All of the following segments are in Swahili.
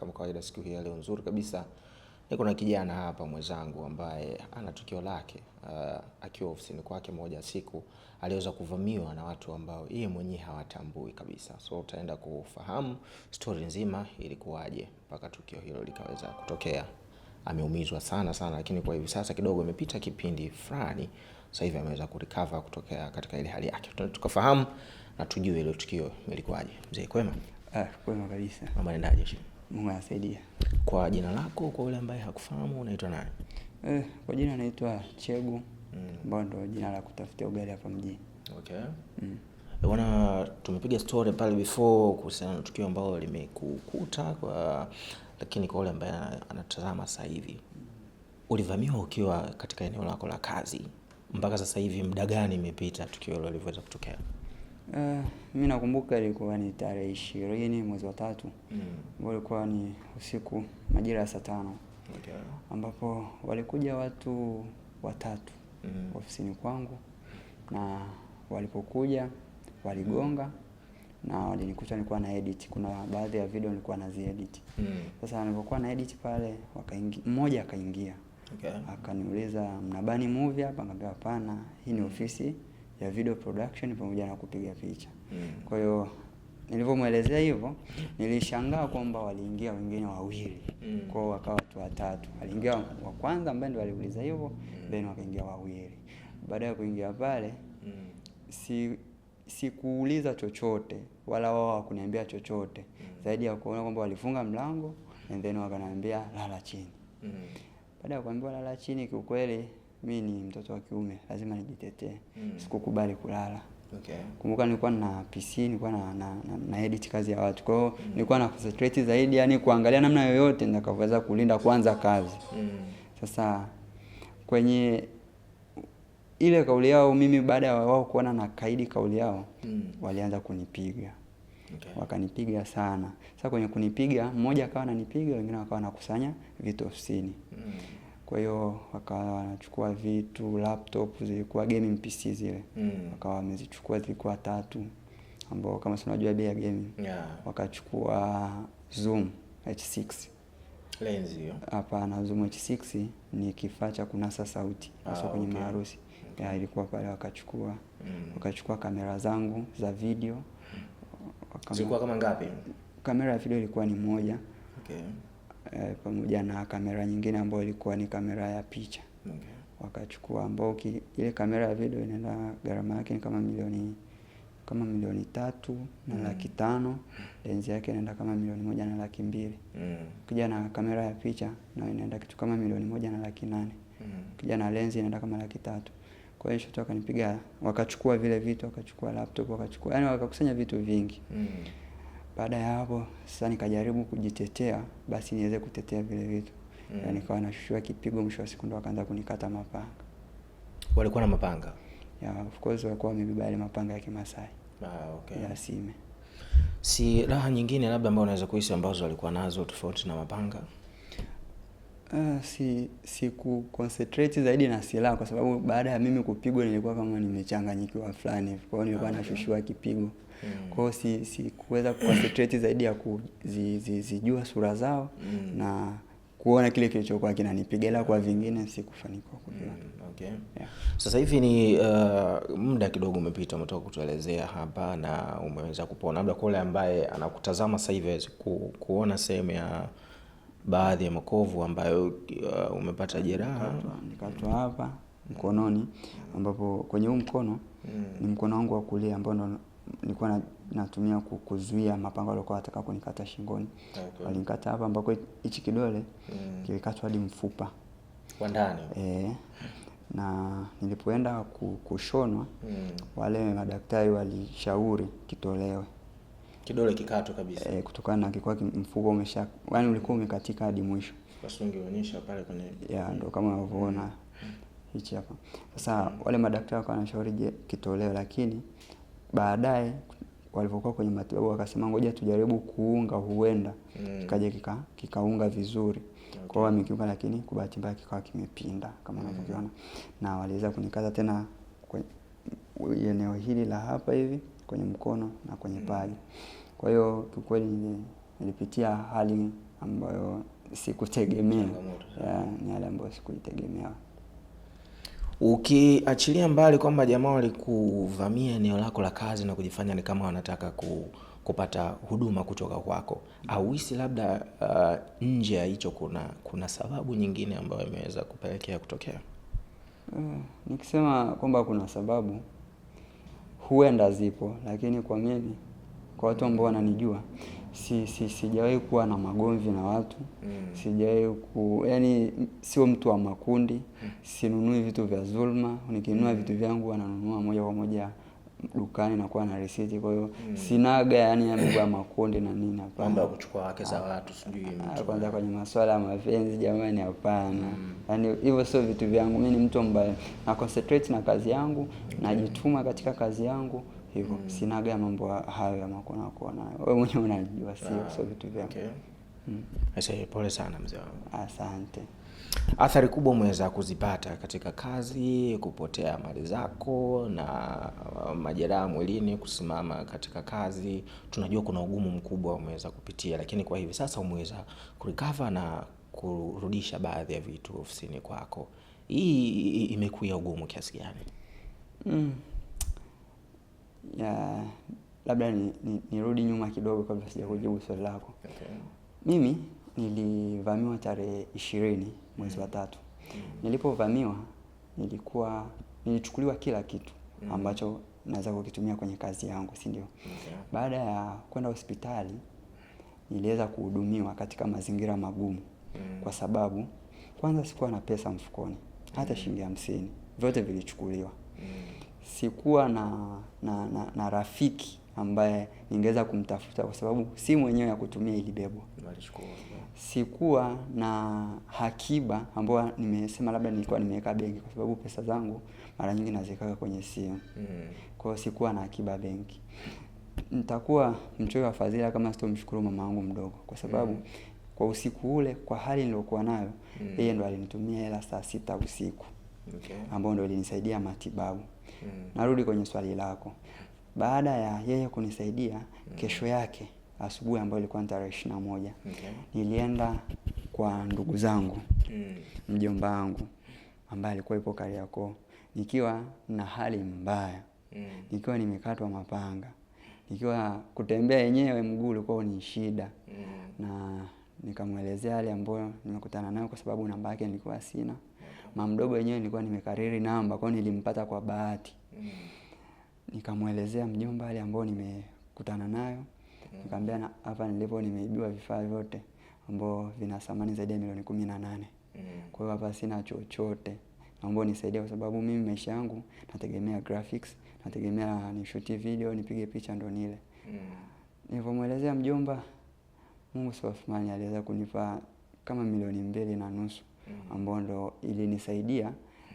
Kama kawaida siku hii ya leo nzuri kabisa, niko na kijana hapa mwenzangu ambaye ana tukio lake. Uh, akiwa ofisini kwake moja ya siku aliweza kuvamiwa na watu ambao yeye mwenyewe hawatambui kabisa. So utaenda kufahamu story nzima ilikuwaje mpaka tukio hilo likaweza kutokea. Ameumizwa sana sana, lakini kwa hivi sasa kidogo imepita kipindi fulani, sasa hivi ameweza kurecover kutokea katika ile hali yake. Tukafahamu na tujue ile tukio lilikuwaje. Mzee, kwema? Ah, kwema kabisa. Mama, nendaje? Mungu anasaidia. Kwa jina lako, kwa yule ambaye hakufahamu, unaitwa nani? Eh, kwa jina naitwa Chegu ambao mm. ndo jina la kutafutia ugali hapa mjini. Okay. Mm. Bwana, tumepiga story pale before kuhusiana na tukio ambalo limekukuta kwa, lakini kwa yule ambaye anatazama sasa hivi, ulivamiwa ukiwa katika eneo lako la kazi, mpaka sasa hivi muda gani imepita tukio hilo lilivyoweza kutokea? Uh, eh, mi nakumbuka ilikuwa ni tarehe ishirini mwezi wa tatu mm. ilikuwa ni usiku majira ya saa tano okay. ambapo walikuja watu watatu mm. ofisini kwangu na walipokuja waligonga mm. na walinikuta nilikuwa na edit. Kuna baadhi ya video nilikuwa naziedit mm. Sasa nilipokuwa na edit pale mmoja akaingia okay. akaniuliza mnabani movie hapa? ngambia hapana, hii ni ofisi ya video production pamoja na kupiga picha. mm. Kwa hiyo nilivyomwelezea hivyo, nilishangaa kwamba waliingia wengine wawili, mm. kwao wakawa watu watatu. Aliingia wa kwanza ambaye ndo aliuliza hivyo, mm. then wakaingia wawili. Baada ya kuingia pale mm. si sikuuliza chochote wala wao wakuniambia chochote mm. zaidi ya kuona kwamba walifunga mlango and then wakaniambia lala chini. mm. Baada ya kuambiwa lala chini, kiukweli mi ni mtoto wa kiume, lazima nijitetee mm. Sikukubali kulala okay. Kumbuka nilikuwa na PC, nilikuwa na, na, na, na edit kazi ya watu, kwa hiyo mm. nilikuwa na concentrate zaidi, yani kuangalia namna yoyote nitakavyoweza kulinda kwanza kazi mm. Sasa kwenye ile kauli yao, mimi baada ya wao kuona na kaidi kauli yao mm. walianza kunipiga okay. Wakanipiga sana. Sasa kwenye kunipiga, mmoja akawa ananipiga, wengine wakawa wanakusanya vitu ofisini mm. Kwa hiyo wakawa wanachukua vitu, laptop zilikuwa gaming PC zile mm. wakawa wamezichukua zilikuwa tatu, ambao kama si unajua bei ya gaming yeah. wakachukua Zoom H6 lens hiyo. Hapana, Zoom H6 ni kifaa cha kunasa sauti hasa ah, kwenye okay. maharusi okay. ya ilikuwa pale, wakachukua mm. wakachukua kamera zangu za video. Zilikuwa kama ngapi? Kamera ya video ilikuwa ni moja okay eh, pamoja na kamera nyingine ambayo ilikuwa ni kamera ya picha okay. Wakachukua ambao ile kamera ya video inaenda gharama yake ni kama milioni kama milioni tatu na mm. laki tano. Lenzi yake inaenda kama milioni moja na laki mbili. mm. Kija na kamera ya picha na inaenda kitu kama milioni moja na laki nane. mm. Kija na lenzi inaenda kama laki tatu. Kwa hiyo shoto wakanipiga, wakachukua vile vitu, wakachukua laptop, wakachukua yani, wakakusanya vitu vingi. mm. Baada ya hapo sasa nikajaribu kujitetea, basi niweze kutetea vile vitu mm. Yani nikawa nashushiwa kipigo, mwisho wa siku ndo wakaanza kunikata mapanga. Walikuwa na mapanga yeah, of course walikuwa wamebeba yale mapanga ya Kimasai ah, okay. ya sime. Si raha nyingine labda ambayo unaweza kuhisi ambazo walikuwa nazo tofauti na mapanga? Uh, si siku concentrate zaidi na silaha kwa sababu baada ya mimi kupigwa nilikuwa kama nimechanganyikiwa fulani, kwa hiyo nilikuwa ah, nashushiwa kipigo Mm. kwao si, si kuweza kuconcentrate zaidi ya kuzijua sura zao mm. na kuona kile kilichokuwa kinanipiga ila kwa vingine sikufanikiwa kuviona. Mm, okay. Yeah. Sasa hivi ni uh, muda kidogo umepita, umetoka kutuelezea hapa na umeweza kupona. Labda kwa yule ambaye anakutazama sasa hivi aweze ku, kuona sehemu ya baadhi ya makovu ambayo uh, umepata jeraha nikatwa mm. hapa mkononi, ambapo kwenye huu mkono mm. ni mkono wangu wa kulia ambao nilikuwa na, natumia kuzuia mapango alikuwa anataka kunikata shingoni. Ah, okay. Walinikata hapa ambako hichi kidole mm. kilikatwa hadi mfupa kwa ndani. e, na nilipoenda kushonwa mm. wale madaktari walishauri kitolewe kidole kikatwa kabisa e, kutokana na kilikuwa mfuko umesha yani ulikuwa umekatika hadi mwisho. Basi ungeonyesha pale kwenye ya ndo kama unavyoona mm. hichi hapa sasa. mm. wale madaktari wakawa wanashauri je, kitolewe, lakini baadaye walivyokuwa kwenye matibabu wakasema ngoja tujaribu kuunga, huenda mm. kikaja kika, kikaunga vizuri okay. Kwao wamekiunga, lakini kwa bahati mbaya kikawa kimepinda kama unavyokiona mm. na waliweza kunikaza tena kwenye eneo hili la hapa hivi kwenye mkono na kwenye mm. paji. Kwa hiyo kiukweli nilipitia hali ambayo sikutegemea, yeah, ni hali ambayo sikuitegemea. Ukiachilia mbali kwamba jamaa walikuvamia eneo lako la kazi na kujifanya ni kama wanataka ku, kupata huduma kutoka kwako, auhisi labda uh, nje ya hicho kuna kuna sababu nyingine ambayo imeweza kupelekea kutokea? Mm, nikisema kwamba kuna sababu huenda zipo, lakini kwa mimi, kwa watu ambao wananijua si, si, sijawahi kuwa na magomvi na watu mm. Sijawahi ku yani, sio mtu wa makundi mm. Sinunui vitu vya zulma Nikinunua mm. vitu vyangu ananunua moja kwa moja dukani na kuwa na risiti. Kwa hiyo mm. sinaga yani mambo ya makundi na nini, hapana. Kuchukua wake za watu sijui mtu ah, kwanza, kwenye masuala ya mapenzi jamani, hapana mm. yani hivyo sio vitu vyangu. Mimi ni mtu ambaye na concentrate na kazi yangu okay. najituma katika kazi yangu hivyo mm. Sinaga mambo hayo ya makona kuona, wewe mwenyewe unajua, sio ah, sio vitu vyangu. Okay. Mm. Aisee, pole sana mzee wangu. Asante. Athari kubwa umeweza kuzipata katika kazi, kupotea mali zako na uh, majeraha mwilini, kusimama katika kazi. Tunajua kuna ugumu mkubwa umeweza kupitia, lakini kwa hivi sasa umeweza kurecover na kurudisha baadhi ya vitu ofisini kwako. Hii imekuwa ugumu kiasi gani? mm ya, labda nirudi ni, ni nyuma kidogo kabla sija kujibu swali lako. Okay. Mimi nilivamiwa tarehe ishirini mwezi wa tatu. Mm. Nilipovamiwa nilikuwa nilichukuliwa kila kitu mm. ambacho naweza kukitumia kwenye kazi yangu, si ndio? Okay. Baada ya kwenda hospitali niliweza kuhudumiwa katika mazingira magumu mm. kwa sababu kwanza sikuwa na pesa mfukoni hata mm. shilingi hamsini, vyote vilichukuliwa mm sikuwa na, na, na, na rafiki ambaye ningeweza kumtafuta kwa sababu si mwenyewe ya kutumia ilibebwa. Sikuwa na hakiba ambayo nimesema labda nilikuwa nimeweka benki, kwa sababu pesa zangu mara nyingi nazikaweka kwenye simu mm. Kwa hiyo sikuwa na akiba benki. Nitakuwa mchoyo wa fadhila kama sitomshukuru mama wangu mdogo, kwa sababu mm. kwa usiku ule, kwa hali niliokuwa nayo mm-hmm. yeye mm. ndo alinitumia hela saa sita usiku okay. ambayo ndo ilinisaidia matibabu mm. Narudi kwenye swali lako, baada ya yeye kunisaidia mm. kesho yake asubuhi ambayo ilikuwa tarehe ishirini na moja okay. Nilienda kwa ndugu zangu mm. mjomba wangu ambaye alikuwa ipo Kariakoo nikiwa na hali mbaya mm. nikiwa nimekatwa mapanga, nikiwa kutembea yenyewe mguu ulikuwa ni shida mm. na nikamwelezea yale ambayo nimekutana nayo, kwa sababu namba yake nilikuwa sina mama mdogo wenyewe nilikuwa nimekariri namba kwao, nilimpata kwa bahati mm. Nikamwelezea mjomba wale ambao nimekutana nayo nikamwambia na hapa nilipo nimeibiwa vifaa vyote ambao vina thamani zaidi ya milioni kumi na nane mm. Kwa hiyo hapa sina chochote, naomba unisaidie, kwa sababu mimi maisha yangu nategemea graphics, nategemea nishuti video, nipige picha ndo nile mm. Nilivyomwelezea mjomba, Mungu Othman aliweza kunipa kama milioni mbili na nusu Mm. ambayo ndo ilinisaidia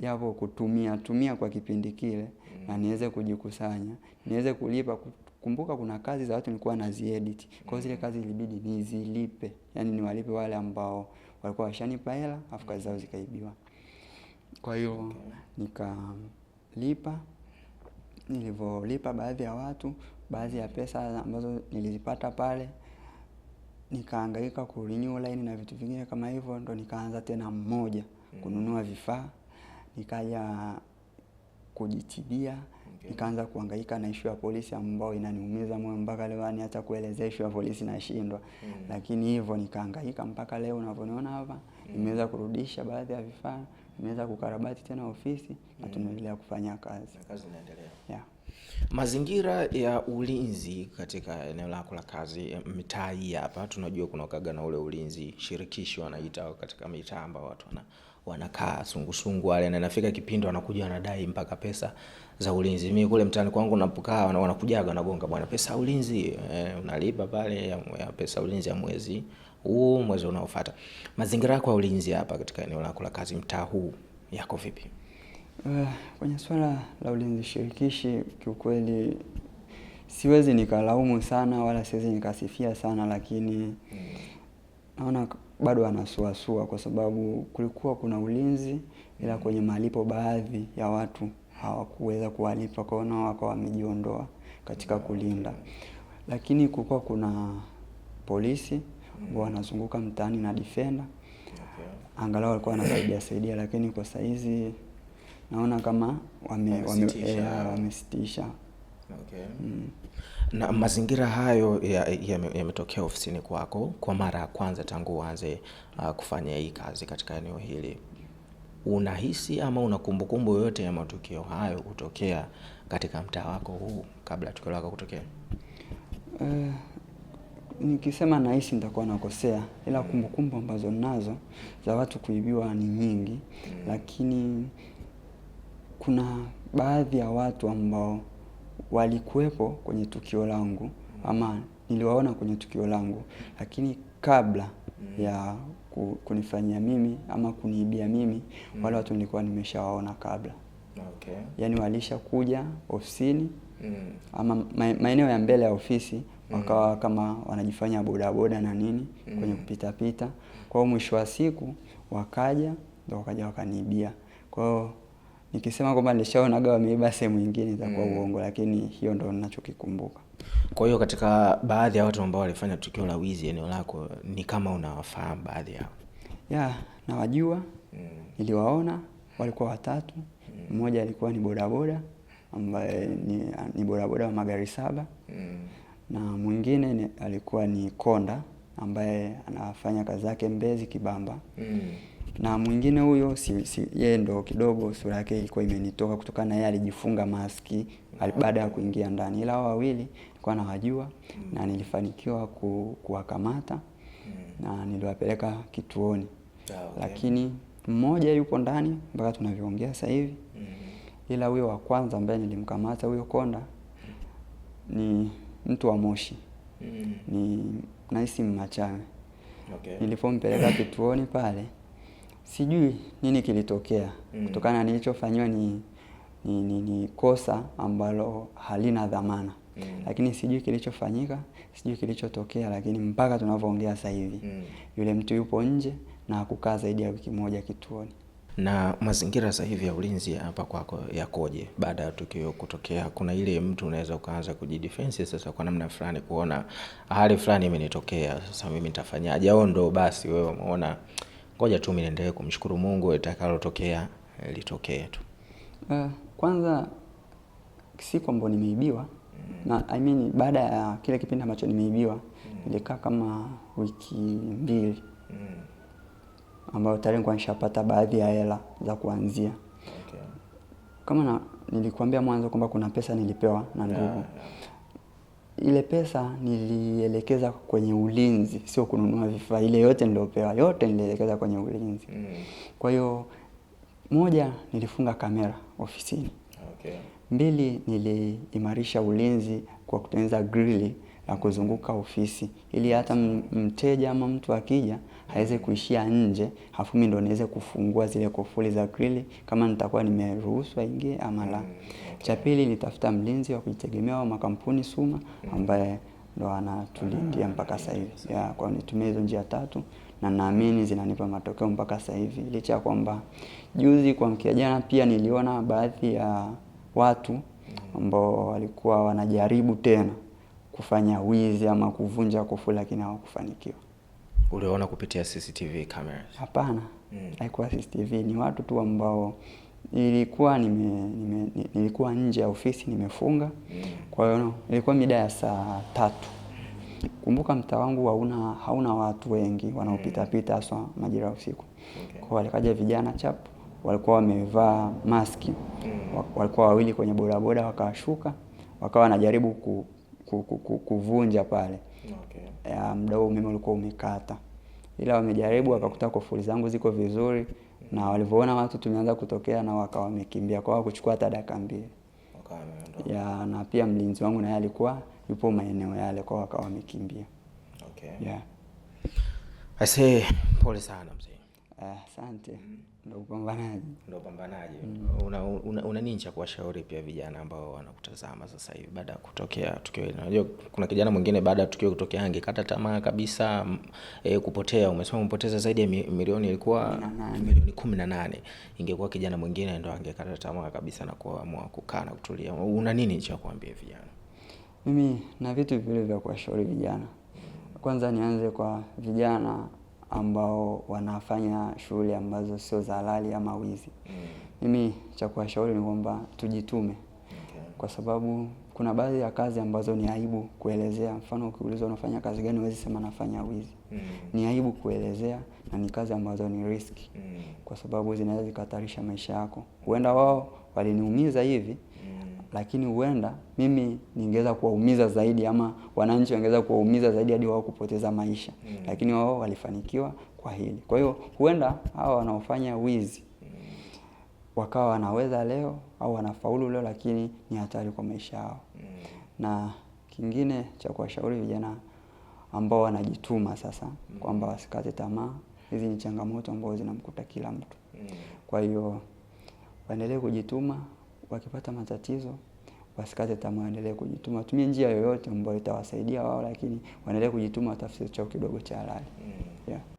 japo kutumia tumia kwa kipindi kile mm. na niweze kujikusanya, niweze kulipa. Kumbuka kuna kazi za watu nilikuwa naziedit, kwa zile mm. kazi ilibidi nizilipe, yani niwalipe wale ambao walikuwa washanipa hela afu kazi zao zikaibiwa. Kwa hiyo nikalipa, nilivyolipa baadhi ya watu, baadhi ya pesa ambazo nilizipata pale nikaangaika ku renew line na vitu vingine kama hivyo, ndo nikaanza tena mmoja kununua vifaa, nikaja kujitibia okay. Nikaanza kuhangaika na ishu ya polisi ambao inaniumiza moyo mpaka leo, yani hata kueleza ishu ya polisi nashindwa mm. Lakini hivyo nikahangaika mpaka leo unavyoniona hapa mm. Nimeweza kurudisha baadhi ya vifaa, nimeweza kukarabati tena ofisi mm. na hmm. tunaendelea kufanya kazi na kazi inaendelea yeah. Mazingira ya ulinzi katika eneo lako la kazi, eh, mitaa hii hapa, tunajua kuna kaga na ule ulinzi shirikishi wanaita katika mitaa ambao watu wanakaa sungusungu wale, na inafika kipindi wanakuja wanadai mpaka pesa za ulinzi. Mimi kule mtaani kwangu napokaa wanakujaga wanagonga, bwana, pesa ulinzi e, unalipa pale ya, ya pesa ulinzi ya mwezi huu mwezi unaofuata. Mazingira yako ya ulinzi hapa katika eneo lako la kazi, mtaa huu yako vipi? Uh, kwenye swala la ulinzi shirikishi kiukweli siwezi nikalaumu sana wala siwezi nikasifia sana lakini hmm, naona bado anasuasua kwa sababu kulikuwa kuna ulinzi ila kwenye malipo baadhi ya watu hawakuweza kuwalipa, kwao, nao wakawa wamejiondoa katika kulinda. Lakini kulikuwa kuna polisi ambao wanazunguka mtaani na defender, angalau walikuwa wanasaidia saidia, lakini kwa saizi naona kama wamesitisha wame, wame Okay. Mm. Na mazingira hayo yametokea ya, ya ofisini kwako kwa mara ya kwanza tangu uanze uh, kufanya hii kazi katika eneo hili unahisi ama una kumbukumbu yoyote ya matukio hayo kutokea katika mtaa wako huu kabla tukio lako kutokea? Uh, nikisema nahisi nitakuwa nakosea, ila kumbukumbu ambazo ninazo za watu kuibiwa ni nyingi mm. Lakini kuna baadhi ya watu ambao walikuwepo kwenye tukio langu ama niliwaona kwenye tukio langu, lakini kabla mm. ya kunifanyia mimi ama kuniibia mimi mm. wale watu nilikuwa nimeshawaona kabla. Okay. Yaani walisha kuja ofisini mm. ama maeneo ya mbele ya ofisi mm. wakawa kama wanajifanya bodaboda na nini mm. kwenye kupitapita. Kwa hiyo mwisho wa siku wakaja ndo wakaja wakaniibia. Kwa hiyo nikisema kwamba nilishaonaga wameiba sehemu nyingine itakuwa mm. uongo, lakini hiyo ndo ninachokikumbuka. Kwa hiyo katika baadhi ya watu ambao walifanya tukio la wizi eneo lako, ni kama unawafahamu baadhi yao? Ya, nawajua mm. walikuwa watatu mm. Mmoja alikuwa ni bodaboda ambaye ni, ni bodaboda wa magari saba mm. Na mwingine ni, alikuwa ni konda ambaye anafanya kazi zake Mbezi Kibamba mm. Na mwingine huyo si, si, yeye ndo kidogo sura yake ilikuwa imenitoka kutokana na yeye alijifunga maski baada ya kuingia ndani, ila hao wawili nilikuwa nawajua na nilifanikiwa kuwakamata na niliwapeleka kituoni. Ah, okay. Lakini mmoja yupo ndani mpaka tunavyoongea sasa hivi, mm-hmm. ila huyo wa kwanza ambaye nilimkamata huyo konda ni mtu wa Moshi. Mm. Ni nahisi mmachame Okay. Nilipompeleka kituoni pale, sijui nini kilitokea. Mm. Kutokana nilichofanyiwa ni ni, ni, ni kosa ambalo halina dhamana mm. Lakini sijui kilichofanyika, sijui kilichotokea, lakini mpaka tunavyoongea sasa hivi mm. yule mtu yupo nje na akukaa zaidi ya wiki moja kituoni. Na mazingira sasa hivi ya ulinzi hapa kwako yakoje baada ya tukio kutokea? Kuna ile mtu unaweza ukaanza kujidefense sasa kwa namna fulani, kuona hali fulani imenitokea, sasa mimi nitafanyaje? Au ndo basi wewe umeona ngoja tu mimi niendelee kumshukuru Mungu, itakalotokea litokee tu? Eh, kwanza si kwamba nimeibiwa na I mean, baada ya kile kipindi ambacho nimeibiwa mm. nilikaa kama wiki mbili mm. ambayo tayari nilikuwa nishapata baadhi ya hela za kuanzia. Okay. Kama na, nilikuambia mwanzo kwamba kuna pesa nilipewa na ndugu yeah, yeah. Ile pesa nilielekeza kwenye ulinzi, sio kununua vifaa. Ile yote niliopewa yote nilielekeza kwenye ulinzi mm. kwa hiyo moja, nilifunga kamera ofisini. Okay. Mbili, niliimarisha ulinzi kwa kutengeneza grili la kuzunguka ofisi ili hata mteja ama mtu akija aweze kuishia nje, afu mimi ndo niweze kufungua zile kufuli za grili kama nitakuwa nimeruhusu aingie ama la. Mm, okay. Cha pili, nitafuta mlinzi wa kujitegemea wa makampuni Suma mm. ambaye ndo anatulindia ah, mpaka sasa hivi. Yeah, kwa nitumie hizo njia tatu na naamini zinanipa matokeo mpaka sasa hivi, licha ya kwamba juzi kwa mkia jana pia niliona baadhi ya watu ambao walikuwa wanajaribu tena kufanya wizi ama kuvunja kufuli, lakini hawakufanikiwa. Uliona kupitia CCTV cameras? Hapana, mm. haikuwa CCTV, ni watu tu ambao nilikuwa nime, nime, nilikuwa nje ya ofisi nimefunga, mm. kwa hiyo ilikuwa mida ya saa tatu Kumbuka mtaa wangu hauna hauna watu wengi wanaopita mm. pita haswa majira ya usiku. Okay. Kwa walikaja vijana chap walikuwa wamevaa maski. Mm. Walikuwa wawili kwenye bodaboda wakashuka, wakawa wanajaribu ku, ku, ku, ku, kuvunja pale. Okay. Ya muda huo umeme ulikuwa umekata. Ila wamejaribu wakakuta kofuli zangu ziko vizuri mm. na walivyoona watu tumeanza kutokea na wakawa wamekimbia kwa kuchukua hata dakika mbili. Okay, ya na pia mlinzi wangu naye alikuwa yupo maeneo yale, kwa wakawa wamekimbia. Okay. Yeah. say, pole sana mzee. Eh, asante. Uh, ndo upambanaji, ndo upambanaji. mm. una, una, una nini cha kuwashauri pia vijana ambao wanakutazama sasa hivi baada ya kutokea tukio hili? Unajua kuna kijana mwingine baada ya tukio kutokea angekata tamaa kabisa e, kupotea. Umesema umepoteza zaidi ya milioni, ilikuwa milioni kumi na nane. Ingekuwa kijana mwingine ndo angekata tamaa kabisa na kuamua kukaa na kutulia. Una nini cha kuambia vijana? Mimi na vitu vile vya kuwashauri vijana. Kwanza nianze kwa vijana ambao wanafanya shughuli ambazo sio za halali ama wizi. Mm. Mimi cha kuwashauri ni kwamba tujitume, kwa sababu kuna baadhi ya kazi ambazo ni aibu kuelezea. Mfano, ukiulizwa unafanya kazi gani, huwezi sema nafanya wizi. Mm. Ni aibu kuelezea na ni kazi ambazo ni riski, mm. kwa sababu zinaweza zikahatarisha maisha yako. Huenda wao waliniumiza hivi lakini huenda mimi ningeweza kuwaumiza zaidi ama wananchi wangeweza kuwaumiza zaidi hadi wao kupoteza maisha mm. Lakini wao walifanikiwa kwa hili. Kwa hiyo huenda hawa wanaofanya wizi mm. wakawa wanaweza leo au wanafaulu leo, lakini ni hatari kwa maisha yao mm. na kingine cha kuwashauri vijana ambao wanajituma sasa mm. kwamba wasikate tamaa. Hizi ni changamoto ambazo zinamkuta kila mtu mm. kwa hiyo waendelee kujituma wakipata matatizo wasikate tamaa, waendelee kujituma, tumie njia yoyote ambayo itawasaidia wao, lakini waendelee kujituma, watafute chao kidogo cha halali. Mm. yeah.